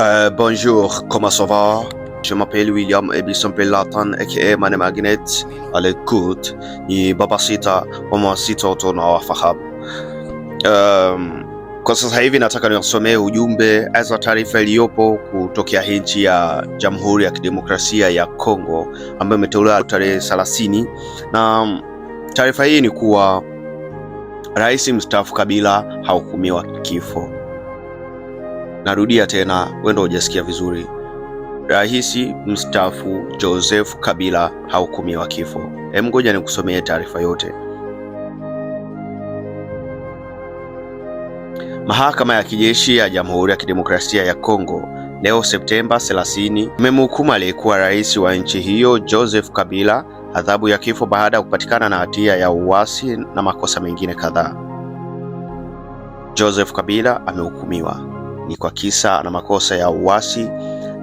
Euh, bonjour, comment ça va? Je m'appelle William Ebison Pelatan, aka Mane Magnet, à l'écoute, ni Baba Sita, Mama Sita, watoto na kwa sasa hivi nataka niwasomee ujumbe aza taarifa iliyopo kutokea nchi ya Jamhuri ya Kidemokrasia ya Kongo ambayo imetolewa tarehe 30, na taarifa hii ni kuwa Rais mstaafu Kabila hahukumiwa kifo. Narudia tena, wendo hujasikia vizuri. Rais mstaafu Joseph Kabila hahukumiwa kifo. Hem, ngoja nikusomee taarifa yote. Mahakama ya kijeshi ya Jamhuri ya Kidemokrasia ya Kongo leo Septemba 30 imemhukumu aliyekuwa rais wa nchi hiyo Joseph Kabila adhabu ya kifo baada ya kupatikana na hatia ya uasi na makosa mengine kadhaa. Joseph Kabila amehukumiwa ni kwa kisa na makosa ya uasi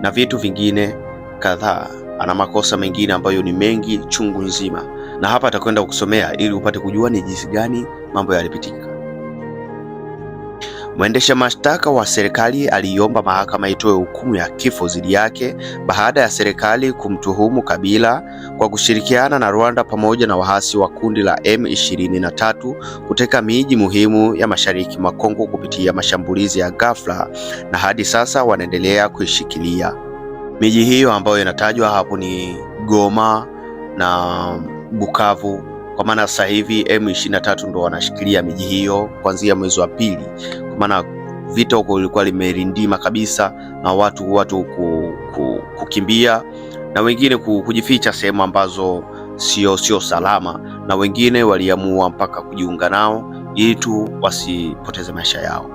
na vitu vingine kadhaa. Ana makosa mengine ambayo ni mengi chungu nzima, na hapa atakwenda kukusomea ili upate kujua ni jinsi gani mambo yalipitika. Mwendesha mashtaka wa serikali aliiomba mahakama itoe hukumu ya kifo dhidi yake baada ya serikali kumtuhumu Kabila kwa kushirikiana na Rwanda pamoja na waasi wa kundi la M23 kuteka miji muhimu ya mashariki mwa Kongo kupitia mashambulizi ya ghafla, na hadi sasa wanaendelea kuishikilia miji hiyo ambayo inatajwa hapo ni Goma na Bukavu kwa maana sasa hivi M23 ndo wanashikilia miji hiyo kuanzia mwezi wa pili, kwa maana vita huko ilikuwa limerindima kabisa na watu watu ku, ku, kukimbia na wengine kujificha sehemu ambazo sio sio salama, na wengine waliamua mpaka kujiunga nao ili tu wasipoteze maisha yao.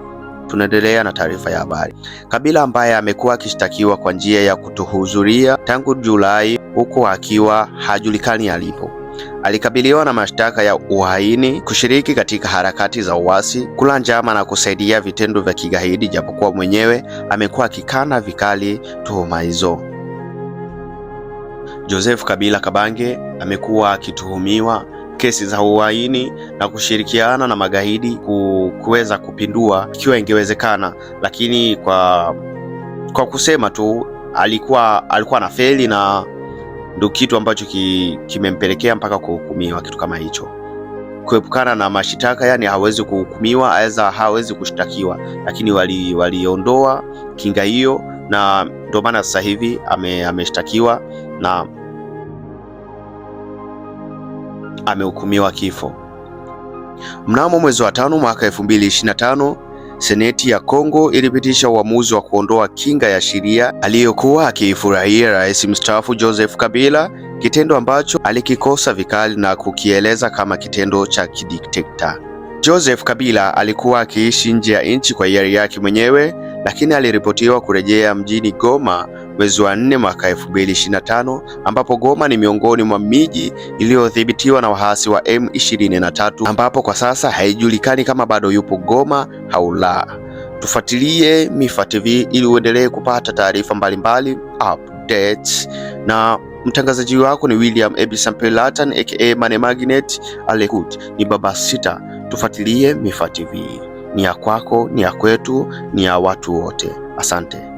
Tunaendelea na taarifa ya habari. Kabila ambaye amekuwa akishtakiwa kwa njia ya kutohudhuria tangu Julai, huku akiwa hajulikani alipo alikabiliwa na mashtaka ya uhaini, kushiriki katika harakati za uasi, kula njama na kusaidia vitendo vya kigaidi, japokuwa mwenyewe amekuwa akikana vikali tuhuma hizo. Joseph Kabila Kabange amekuwa akituhumiwa kesi za uhaini na kushirikiana na magaidi kuweza kupindua ikiwa ingewezekana, lakini kwa, kwa kusema tu alikuwa alikuwa na feli na ndo kitu ambacho ki, kimempelekea mpaka kuhukumiwa kitu kama hicho, kuepukana na mashitaka. Yani hawezi kuhukumiwa, aidha hawezi kushtakiwa, lakini waliondoa wali kinga hiyo, na ndio maana sasa hivi ame, ameshtakiwa na amehukumiwa kifo mnamo mwezi wa tano mwaka 2025. Seneti ya Kongo ilipitisha uamuzi wa kuondoa kinga ya sheria aliyokuwa akiifurahia rais mstaafu Joseph Kabila, kitendo ambacho alikikosa vikali na kukieleza kama kitendo cha kidikteta. Joseph Kabila alikuwa akiishi nje ya nchi kwa hiari yake mwenyewe lakini aliripotiwa kurejea mjini Goma mwezi wa 4 mwaka 2025, ambapo Goma ni miongoni mwa miji iliyodhibitiwa na waasi wa M23, ambapo kwa sasa haijulikani kama bado yupo Goma au la. Tufuatilie Mifa TV ili uendelee kupata taarifa mbalimbali, updates na mtangazaji wako ni William Ebisampe Latan aka Mane Magnet, alekut ni baba sita. Tufuatilie Mifa TV ni ya kwako, ni ya kwetu, ni ya watu wote. Asante.